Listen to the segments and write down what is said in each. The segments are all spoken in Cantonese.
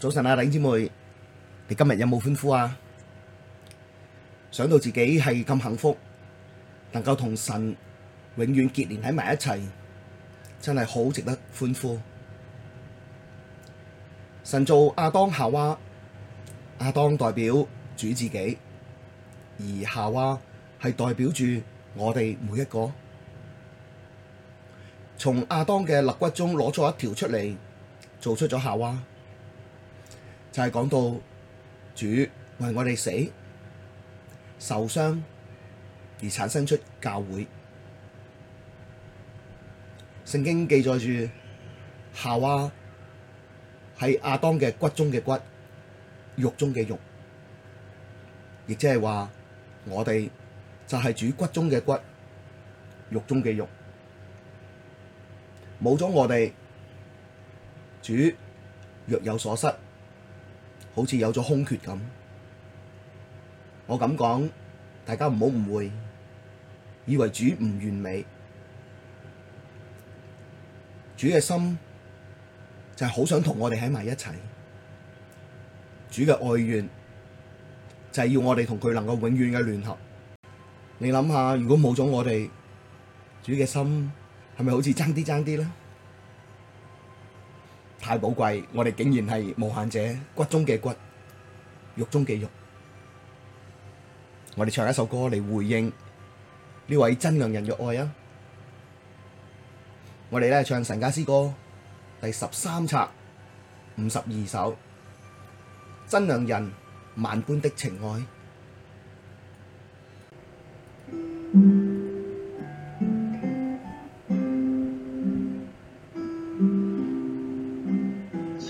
早晨啊，弟兄姊妹，你今日有冇歡呼啊？想到自己係咁幸福，能夠同神永遠結連喺埋一齊，真係好值得歡呼。神造亞當夏娃，亞當代表主自己，而夏娃係代表住我哋每一個。從亞當嘅肋骨中攞咗一條出嚟，做出咗夏娃。就係講到主為我哋死、受傷而產生出教會。聖經記載住夏娃係亞當嘅骨中嘅骨、肉中嘅肉，亦即係話我哋就係主骨中嘅骨、肉中嘅肉。冇咗我哋，主若有所失。好似有咗空缺咁，我咁講，大家唔好誤會，以為主唔完美，主嘅心就係好想同我哋喺埋一齊，主嘅愛願就係要我哋同佢能夠永遠嘅聯合。你諗下，如果冇咗我哋，主嘅心係咪好似爭啲爭啲咧？太寶貴，我哋竟然係無限者，骨中嘅骨，肉中嘅肉。我哋唱一首歌嚟回應呢位真良人嘅愛啊！我哋咧唱神家詩歌第十三冊五十二首，真良人萬般的情愛。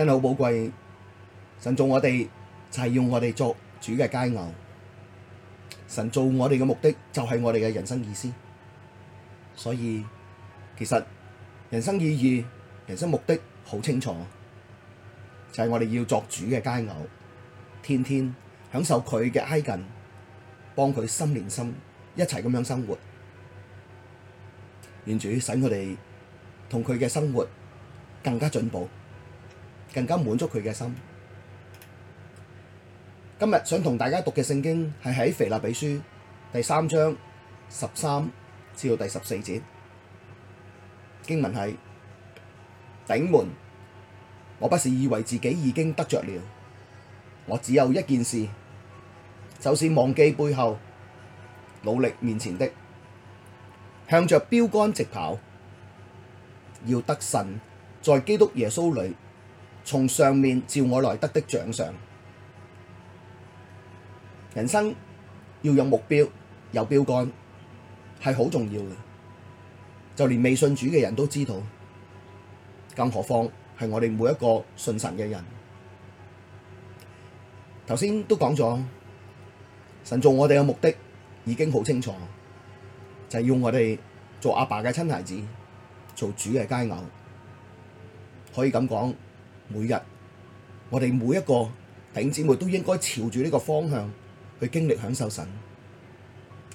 真好寶貴，神做我哋就係、是、要我哋作主嘅佳偶，神做我哋嘅目的就係、是、我哋嘅人生意思，所以其實人生意義、人生目的好清楚，就係、是、我哋要作主嘅佳偶，天天享受佢嘅挨近，幫佢心連心，一齊咁樣生活，願主使我哋同佢嘅生活更加進步。更加滿足佢嘅心。今日想同大家讀嘅聖經係喺腓立比書第三章十三至到第十四節。經文係弟兄們，我不是以為自己已經得著了，我只有一件事，就是忘記背後，努力面前的，向着標竿直跑，要得神在基督耶穌裏從上面召我來得的獎賞。人生要有目標，有標杆，係好重要嘅。就連未信主嘅人都知道，更何況係我哋每一個信神嘅人。頭先都講咗，神做我哋嘅目的已經好清楚，就係要我哋做阿爸嘅親孩子，做主嘅佳偶，可以咁講。每日，我哋每一個弟兄姊妹都應該朝住呢個方向去經歷享受神，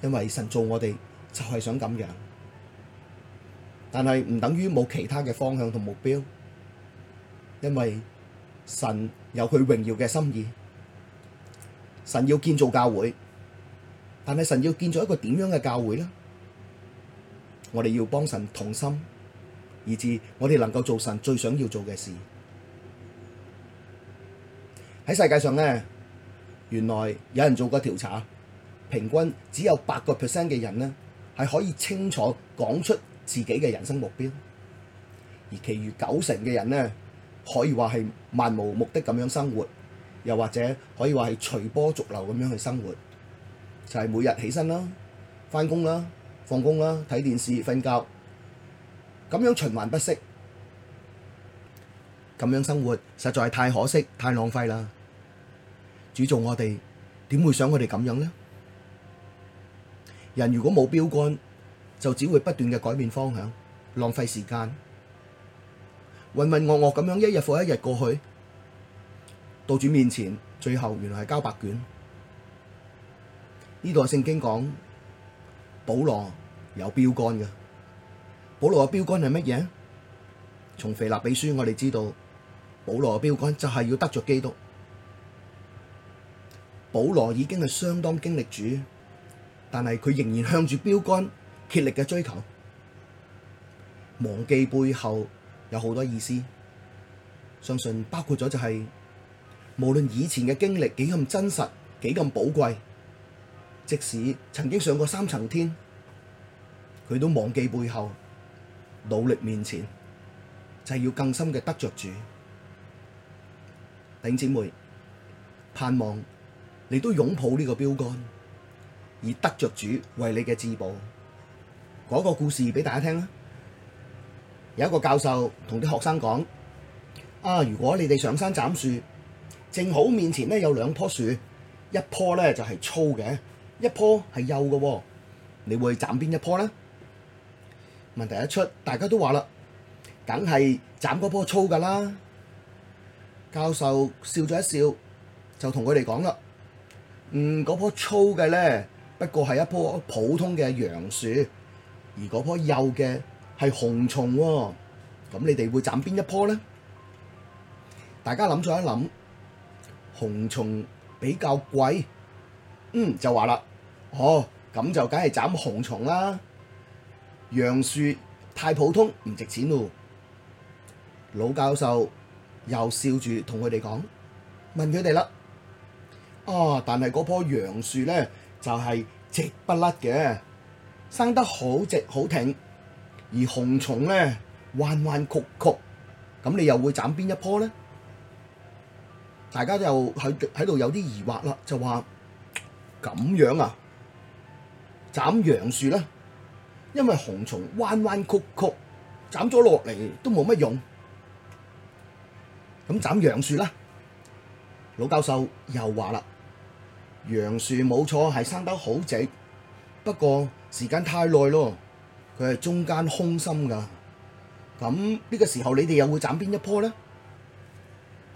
因為神造我哋就係想咁樣，但係唔等於冇其他嘅方向同目標，因為神有佢榮耀嘅心意，神要建造教會，但係神要建造一個點樣嘅教會呢？我哋要幫神同心，以致我哋能夠做神最想要做嘅事。喺世界上呢，原來有人做過調查，平均只有八個 percent 嘅人呢係可以清楚講出自己嘅人生目標，而其餘九成嘅人呢，可以話係漫無目的咁樣生活，又或者可以話係隨波逐流咁樣去生活，就係、是、每日起身啦、返工啦、放工啦、睇電視、瞓覺，咁樣循環不息，咁樣生活實在係太可惜、太浪費啦。主造我哋，點會想我哋咁樣呢？人如果冇標杆，就只會不斷嘅改變方向，浪費時間，渾渾噩噩咁樣一日過一日過去。到主面前，最後原來係交白卷。呢度聖經講保羅有標杆嘅，保羅嘅標杆係乜嘢？從腓立比書我哋知道，保羅嘅標杆就係要得着基督。保羅已經係相當經歷主，但係佢仍然向住標竿竭力嘅追求。忘記背後有好多意思，相信包括咗就係、是、無論以前嘅經歷幾咁真實，幾咁寶貴，即使曾經上過三層天，佢都忘記背後努力面前，就係、是、要更深嘅得着主。頂姐妹盼望，你都擁抱呢個標竿，而得着主為你嘅至寶。講、嗰個故事俾大家聽啦。有一個教授同啲學生講：啊，如果你哋上山斬樹，正好面前呢有兩棵樹，一棵咧就係、是、粗嘅，一棵係幼嘅喎。你會斬邊一棵咧？問題一出，大家都話啦，梗係斬嗰棵粗噶啦。教授笑咗一笑，就同佢哋講啦。嗯，嗰棵粗嘅咧，不過係一棵普通嘅楊樹，而嗰棵幼嘅係紅松喎、哦。咁你哋會斬邊一棵呢？大家諗咗一諗，紅松比較貴，嗯，就話啦，哦，咁就梗係斬紅松啦，楊樹太普通唔值錢咯。老教授又笑住同佢哋講，問佢哋啦。啊、哦！但係嗰棵楊樹咧，就係、是、直不甩嘅，生得好直好挺，而紅松咧彎彎曲曲，咁你又會斬邊一棵咧？大家又喺喺度有啲疑惑啦，就話咁樣啊，斬楊樹咧，因為紅松彎彎曲曲，斬咗落嚟都冇乜用，咁斬楊樹啦，老教授又話啦。楊樹冇錯，係生得好直，不過時間太耐咯，佢係中間空心噶。咁呢個時候你哋又會斬邊一棵呢？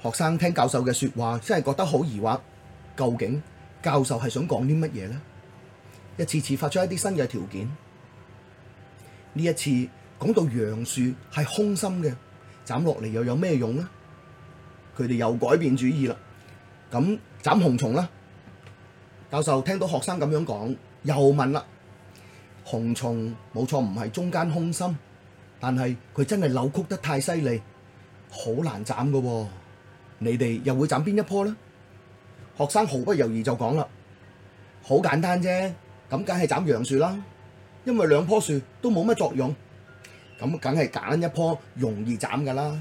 學生聽教授嘅說話，真係覺得好疑惑。究竟教授係想講啲乜嘢呢？一次次發出一啲新嘅條件，呢一次講到楊樹係空心嘅，斬落嚟又有咩用呢？佢哋又改變主意啦。咁斬紅松啦。教授聽到學生咁樣講，又問啦：紅松冇錯，唔係中間空心，但係佢真係扭曲得太犀利，好難斬嘅喎、哦。你哋又會斬邊一棵呢？學生毫不猶豫就講啦：好簡單啫，咁梗係斬楊樹啦，因為兩棵樹都冇乜作用，咁梗係揀一棵容易斬嘅啦。呢、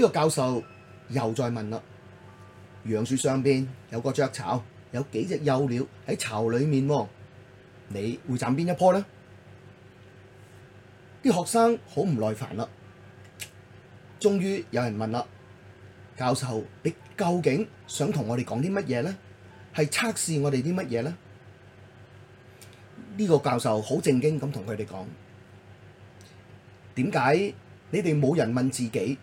這個教授又再問啦。楊樹上邊有個雀巢，有幾隻幼鳥喺巢裏面喎。你會斬邊一棵呢？啲學生好唔耐煩啦，終於有人問啦：教授，你究竟想同我哋講啲乜嘢呢？係測試我哋啲乜嘢呢？這」呢個教授好正經咁同佢哋講：點解你哋冇人問自己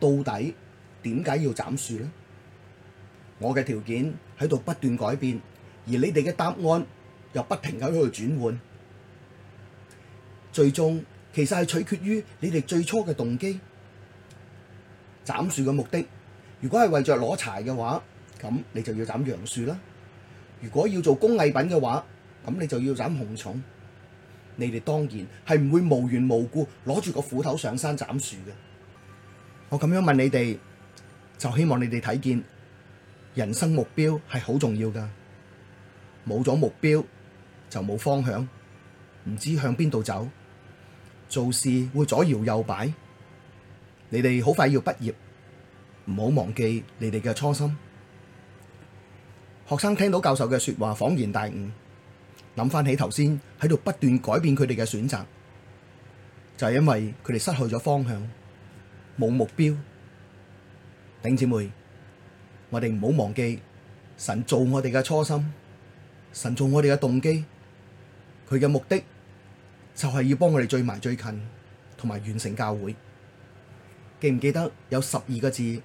到底點解要斬樹呢？」我嘅條件喺度不斷改變，而你哋嘅答案又不停喺度轉換，最終其實係取決於你哋最初嘅動機。斬樹嘅目的，如果係為咗攞柴嘅話，咁你就要斬楊樹啦；如果要做工藝品嘅話，咁你就要斬紅松。你哋當然係唔會無緣無故攞住個斧頭上山斬樹嘅。我咁樣問你哋，就希望你哋睇見。人生目標係好重要㗎，冇咗目標就冇方向，唔知向邊度走，做事會左搖右擺。你哋好快要畢業，唔好忘記你哋嘅初心。學生聽到教授嘅説話，恍然大悟，諗翻起頭先喺度不斷改變佢哋嘅選擇，就係因為佢哋失去咗方向，冇目標。頂姐妹。我哋唔好忘記神做我哋嘅初心，神做我哋嘅動機，佢嘅目的就係要幫我哋聚埋最近，同埋完成教會。記唔記得有十二個字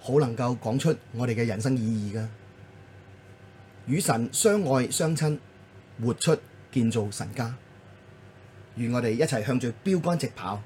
好能夠講出我哋嘅人生意義嘅？與神相愛相親，活出建造神家。願我哋一齊向住標竿直跑。